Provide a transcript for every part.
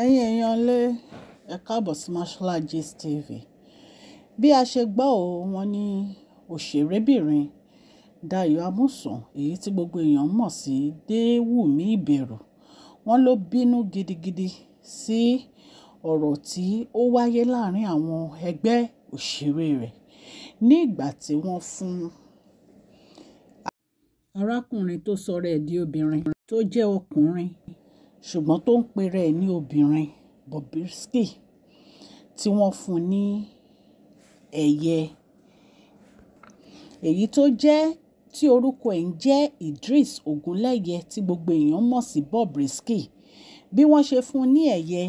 ẹ̀yin èèyàn lé ẹ káàbọ̀ sí Mashola Gist TV bí a ṣe gbọ́ ò wọ́n ní òṣèrébìnrin Dayọ̀ Amusan èyí tí gbogbo èèyàn mọ̀ sí Déwùmí Ìbẹ̀rù wọ́n ló bínú gidigidi sí ọ̀rọ̀ tí ó wáyé láàrin àwọn ẹgbẹ́ òṣèré rẹ̀ ní ìgbà tí wọ́n fún arákùnrin tó sọ̀rọ̀ ẹ̀ di obìnrin tó jẹ́ ọkùnrin ṣùgbọ́n tó ń pera ní obìnrin Bobrisky tí wọ́n fún ní ẹ̀yẹ èyí tó jẹ́ tí orúkọ ẹ̀ ń jẹ́ Idris Ogunleye tí gbogbo èèyàn mọ̀ sí Bobrisky bí wọ́n ṣe fún ní ẹ̀yẹ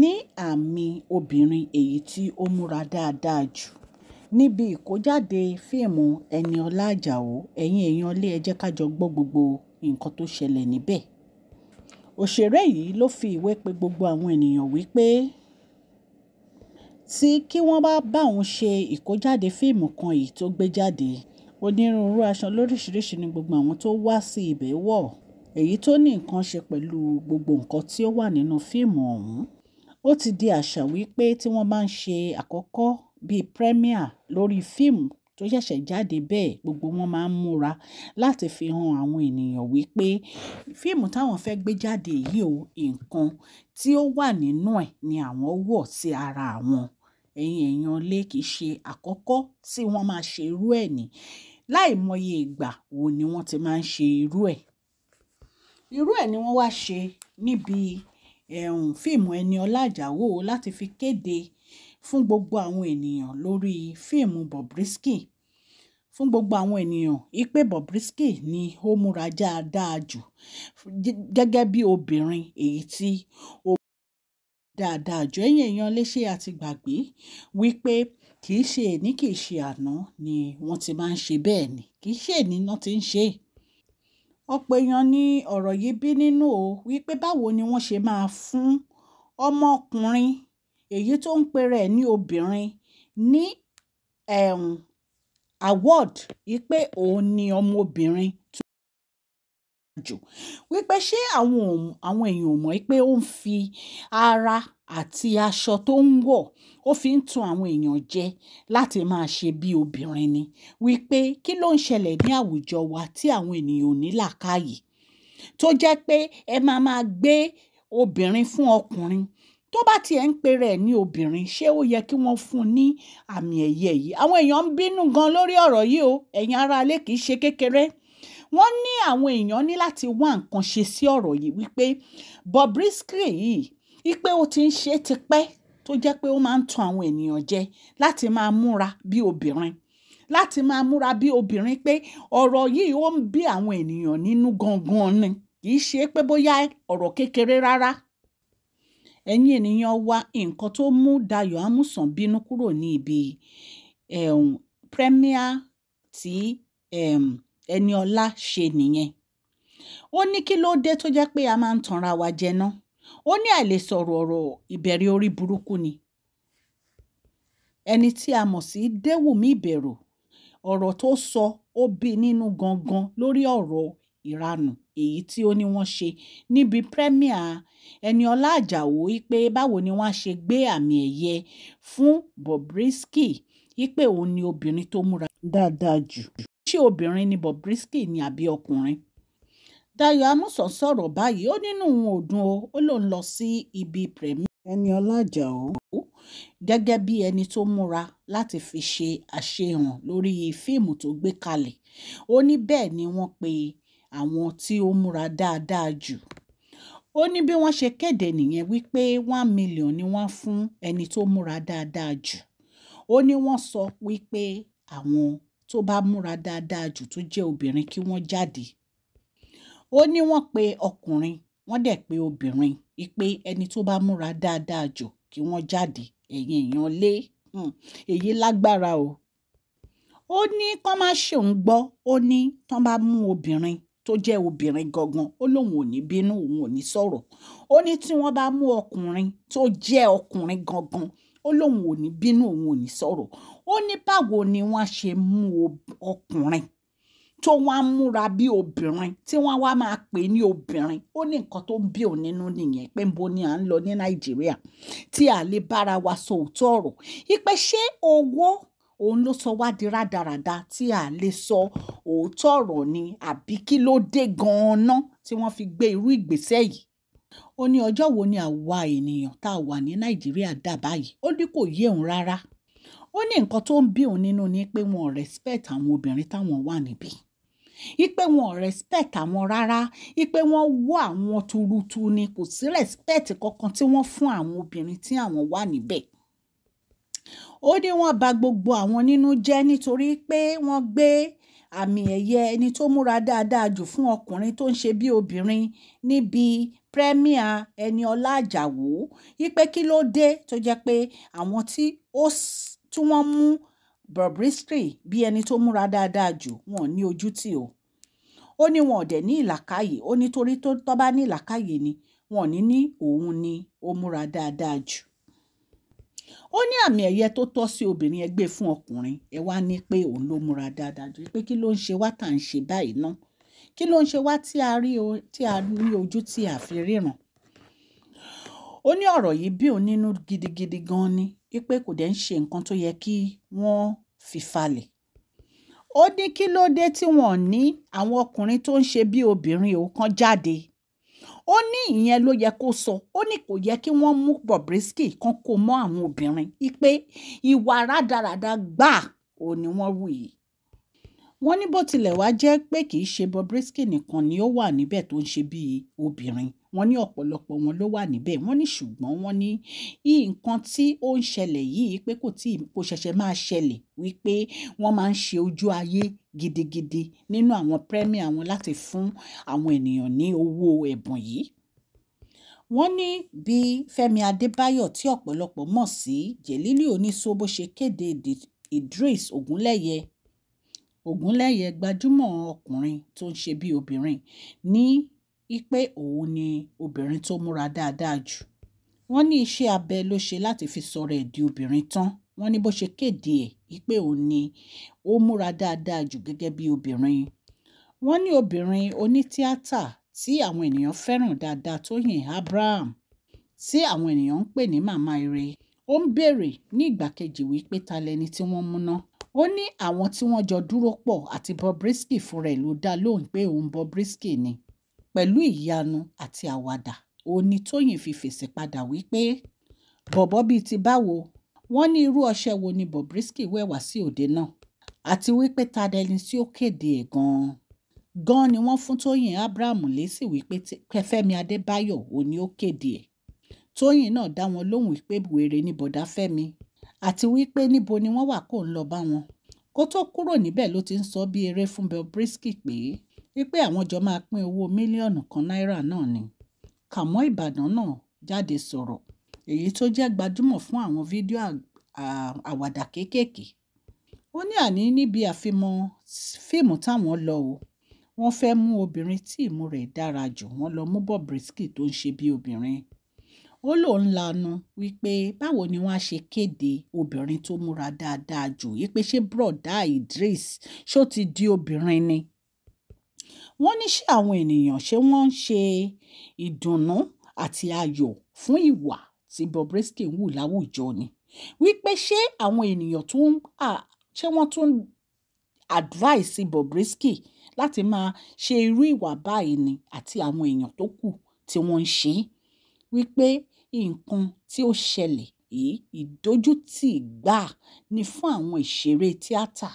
ní àmì obìnrin èyí tí ó múra dáadáa jù níbi ìkójáde fíìmù Ẹniọlá Àjàó ẹ̀yin èèyàn ilé ẹ ká jọ gbọ́ gbogbo nǹkan tó ṣẹlẹ̀ níbẹ̀ òṣèré yìí ló fi ìwé pe gbogbo àwọn ènìyàn wípé tí kí wọ́n bá bá òun ṣe ìkójáde fíìmù kan yìí tó gbé jáde onírúurú aṣọ lóríṣiríṣi ni gbogbo àwọn tó wá sí ibẹ̀ wọ̀ èyí tó ní nǹkan ṣe pẹ̀lú gbogbo nǹkan tí ó wà nínú fíìmù ọ̀hún ó ti di àṣà wípé tí wọ́n bá ń ṣe àkọ́kọ́ bíi premier lórí fíìmù tó ṣẹ̀ṣẹ̀ jáde bẹ́ẹ̀ gbogbo wọn máa ń múra láti fi hàn àwọn ènìyàn wípé fíìmù táwọn fẹ́ gbé jáde yìí o nǹkan tí ó wà nínú ẹ̀ ni àwọn wọ̀ sí ara àwọn ẹ̀yin èèyàn lé kìí ṣe àkọ́kọ́ tí wọ́n máa ṣe irú ẹ̀ ní láìmọye ìgbà wo ni wọ́n ti máa ń ṣe irú ẹ̀ irú ẹ̀ ni wọ́n wá ṣe níbi fíìmù Ẹniọlá Àjàó láti fi kéde fún gbogbo àwọn ènìyàn lórí fíìmù Bobrisky fún gbogbo àwọn ènìyàn ipe Bobrisky ni ó múra dáadáa jù gẹ́gẹ́ bí obìnrin èyí tí ó dáadáa jù ẹ̀yìn èèyàn léṣe àti gbàgbé wípé kì í ṣe èní kì í ṣe àná ni wọ́n ti máa ń ṣe bẹ́ẹ̀ ni kì í ṣe èní náà ti ń ṣe é ọ̀pọ̀ èèyàn ni ọ̀rọ̀ yìí bí nínú o wípé báwo ni wọ́n ṣe máa fún ọmọkùnrin èyí tó ń pera ẹ̀ ní obìnrin ní um, award yìí pé òun ni ọmọbìnrin tó ń jù wípé ṣé àwọn àwọn èèyàn ò mọ̀ pé ó ń fi ara àti aṣọ tó ń wọ̀ ó fi ń tún àwọn èèyàn jẹ láti máa ṣe bí obìnrin ni wípé kí ló ń ṣẹlẹ̀ ní àwùjọ wa tí àwọn ènìyàn ò ní làákàyè tó jẹ́ pé ẹ máa máa gbé obìnrin fún ọkùnrin tó bá tiẹ̀ ń pe ní obìnrin ṣé ó yẹ kí wọ́n fún un ní àmì ẹ̀yẹ yìí àwọn èèyàn ń bínú gan lórí ọ̀rọ̀ yìí o ẹ̀yin aráalé kì í ṣe kékeré wọ́n ní àwọn èèyàn ní láti wá nǹkan ṣe sí ọ̀rọ̀ yìí wípé Bobrisky yìí wípé ó ti ń ṣe tipẹ́ tó jẹ́ pé ó máa ń tan àwọn ènìyàn jẹ láti máa múra bí obìnrin láti máa múra bí obìnrin pé ọ̀rọ̀ yìí ó ń bí àwọn ènìyàn nínú gangan ni kì í ṣe pé bóyá ọ̀rọ̀ kékeré rárá ẹ̀yin ènìyàn wa nǹkan tó mú Dayọ̀ Amusan bínú kúrò ní ibi um, premier tí um, Ẹniọlá ṣe nìyẹn ó ní kí ló dé tó jẹ́ pé a máa ń tanra wa jẹ náà ó ní àìlè sọ̀rọ̀ ọ̀rọ̀ ìbẹ̀rẹ̀ orí burúkú ni ẹni tí a mọ̀ sí Déwùmí Ìbẹ̀rù ọ̀rọ̀ tó sọ ó bí nínú gangan lórí ọ̀rọ̀ ìranù èyí tí ó ní wọ́n ṣe níbi premier Ẹniọlá Àjàó wípé báwo ni wọ́n á ṣe gbé àmì ẹ̀yẹ fún Bobrisky wípé òun ni obìnrin tó múra dáadáa jù ṣé obìnrin ni Bobrisky ni àbí ọkùnrin Dayọ̀ Amusan sọ̀rọ̀ báyìí ó nínú òun ò dùn o ó lòun lọ sí ibi premier Ẹniọlá Àjàó gẹ́gẹ́ bí ẹni tó múra láti fi ṣe àṣehàn lórí fíìmù tó gbé kalẹ̀ ó ní bẹ́ẹ̀ ni wọ́n pe àwọn tí ó múra dáadáa jù ó ní bí wọ́n ṣe kéde nìyẹn wípé one million ni wọ́n fún ẹni tó múra dáadáa jù ó ní wọ́n sọ wípé àwọn tó bá múra dáadáa jù tó jẹ́ obìnrin kí wọ́n jáde ó ní wọ́n pe ọkùnrin wọ́n dẹ̀ pe obìnrin ìpè ẹni tó bá múra dáadáa jù kí wọ́n jáde ẹ̀yin èèyàn lé hmm, èyí lágbára o ó ní kán má ṣe òun gbọ́ ó ní tán bá mú obìnrin tó jẹ́ obìnrin gangan ó lóun ò ní bínú òun ò ní sọ̀rọ̀ ó ní tí wọ́n bá mú ọkùnrin tó jẹ́ ọkùnrin gangan ó lóun ò ní bínú òun ò ní sọ̀rọ̀ ó ní báwo ni wọ́n ṣe mú ọkùnrin tó wọ́n á múra bí obìnrin tí wọ́n wá máa pè ní obìnrin ó ní nǹkan tó ń bí òun nínú nìyẹn pé níbo ni à ń lọ ní nàìjíríà tí a lè bára wa sọ òótọ́ ọ̀rọ̀ ìpè owó òun ló sọ wá di rádaràda tí à ń lè sọ òótọ́ ọ̀rọ̀ ni àbí kí ló dé gan-an tí wọ́n fi gbé irú ìgbésẹ̀ yìí ó ní ọjọ́ wo ni àwa ènìyàn tá a wà ní nàìjíríà dà báyìí ó ní kò yé òun rárá ó ní nǹkan tó ń bí òun nínú ni pé wọn ò respect àwọn obìnrin táwọn wà níbí ipe wọn ò respect àwọn rárá ipe wọn wọ àwọn tuurutu ni kò sí respect kankan tí wọ́n fún àwọn obìnrin tí àwọn wà níbẹ̀ ó ní wọ́n bà gbogbo àwọn nínú jẹ́ nítorí pé wọ́n gbé àmì ẹ̀yẹ ẹni tó múra dáadáa jù fún ọkùnrin tó ń ṣe bí obìnrin níbi premier Ẹniọlá Àjàó wípé kí ló dé tó jẹ́ pé àwọn tí wọ́n mú Bobrisky bí ẹni tó múra dáadáa jù wọn ní ojú tì o ó ní wọn ò dẹ̀ ní ìlàkàyè ó nítorí tó tọ́ bá ní ìlàkàyè ni wọn ò ní ní òun ni ó múra dáadáa jù ó ní àmì ẹ̀yẹ tó tọ́ sí obìnrin ẹ gbé fún ọkùnrin ẹ wá ní pé òun ló múra dáadáa ju pé kí ló ń ṣe wá tà ń ṣe báyìí ná kí ló ń ṣe wá tí a rí ojú tí a fi ríran ó ní ọ̀rọ̀ yìí bí òun nínú gidigidi gan ni wípé kò dẹ̀ ń ṣe nǹkan tó yẹ kí wọ́n fi falẹ̀ ó ní kí ló dé tí wọ́n ní àwọn ọkùnrin tó ń ṣe bí obìnrin òun kan jáde ó ní ìyẹn ló yẹ kó sọ ó ní kò yẹ kí wọ́n mú Bobrisky kan kó mọ́ àwọn obìnrin ipe ìwà rádaràda gbáà ò ní wọ́n wù yìí wọ́n ní bó tilẹ̀ wá jẹ́ pé kì í ṣe Bobrisky nìkan ni ó wà níbẹ̀ tó ń ṣe bíi obìnrin wọ́n ní ọ̀pọ̀lọpọ̀ wọn ló wà níbẹ̀ wọ́n ní ṣùgbọ́n wọ́n ní nǹkan tí ó ń ṣẹlẹ̀ yìí pé kò tí kò ṣẹ̀ṣẹ̀ máa ṣẹlẹ̀ wípé wọ́n máa ń ṣe ojú ayé gidigidi nínú àwọn premier àwọn láti fún àwọn ènìyàn ní owó ẹ̀bùn yìí wọ́n ní bí Fẹ́mi Adébáyọ̀ tí ọ̀pọ̀lọpọ̀ mọ̀ sí Jẹ̀lílì Onísọ bó ṣe kéde Idris Ogunlẹ́yẹ Ogunlẹ́yẹ gbajúmọ̀ ọkùnrin tó ń ṣe bí obìnrin ní ipe òun ni obìnrin tó múra dáadáa jù wọ́n ní iṣẹ́ abẹ ló ṣe láti fi sọ̀rọ̀ ẹ̀ di obìnrin tán wọ́n ní bó ṣe kéde ẹ̀ ipe òun ni ó múra dáadáa jù gẹ́gẹ́ bí obìnrin wọ́n ní obìnrin onítíátà tí àwọn ènìyàn fẹ́ràn dáadáa Tóyìn Abraham tí àwọn ènìyàn ń pè ní màmá ire ó ń béèrè ní ìgbàkejì wípé ta lẹni tí wọ́n múná ó ní àwọn tí wọ́n jọ dúró pọ̀ àti Bobrisky fúnra ẹ̀ ló dá lóhùn pé òun Bobrisky ni Pẹ̀lú ìyanu àti àwàdà, òun ní Tóyìn fi fèsì padà wípé, bọ̀bọ́ bíi ti báwo, wọ́n ní irú ọṣẹ wo ni Bobrisky wẹ̀ wá sí òde náà, àti wípé ta dẹni tí ó kéde ẹ̀ gan-an. Gan-an ni wọ́n fún Tóyìn Abraham lésì wípé Fẹ́mi Adébáyọ̀ òun ni ó kéde ẹ̀. Tóyìn náà dá wọn lóhùn wípé wèrè ni bọ̀dá Fẹ́mi, àti wípé níbo ni wọ́n wà kó ń lọ bá wọn. Kó tó kúrò níbẹ̀ ló ti ń sọ bí eré fún Bobrisky pé wípé àwọn jọ máa pín owó mílíọ̀nù kan náírà náà ni kàmọ́ ìbàdàn náà jáde sọ̀rọ̀ èyí tó jẹ́ gbajúmọ̀ fún àwọn fídíò àwàdà kéékèèké ó ní àní níbi àfihàn fíìmù táwọn lọ o wọ́n fẹ́ mú obìnrin tí ìmú rẹ̀ dára jù wọ́n lọ mú Bobrisky tó ń ṣe bí obìnrin ó lóun lanu wípé báwo ni wọ́n á ṣe kéde obìnrin tó múra dáadáa jù yí pé ṣé broda Idris ṣó ti di obìnrin ni Wọ́n ní ṣé àwọn ènìyàn ṣé wọ́n ń ṣe ìdùnnú àti ayọ̀ fún ìwà tí Bobrisky ń wù láwùjọ ni wípé ṣé àwọn ènìyàn tó ń ṣé wọ́n tún advice Bobrisky láti máa ṣe irú ìwà báyìí ni àti àwọn èèyàn tó kù tí wọ́n ń ṣe wípé nǹkan tí ó ṣẹlẹ̀ yìí ìdójútì gbáà ni fún àwọn ìṣeré tíátà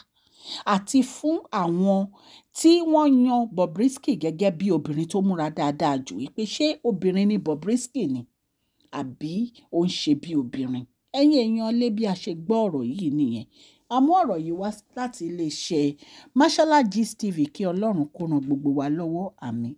àti fún àwọn tí wọ́n yan Bobrisky gẹ́gẹ́ bí obìnrin tó múra dáadáa jù wípé ṣé obìnrin ni Bobrisky ni àbí ó ń ṣe bí obìnrin ẹ̀yin èèyàn lé bí a ṣe gbọ́ ọ̀rọ̀ yìí nìyẹn a mú ọ̀rọ̀ yìí wá láti iléeṣẹ́ Mashola Gist TV kí Ọlọ́run kó ran gbogbo wa lọ́wọ́ àmín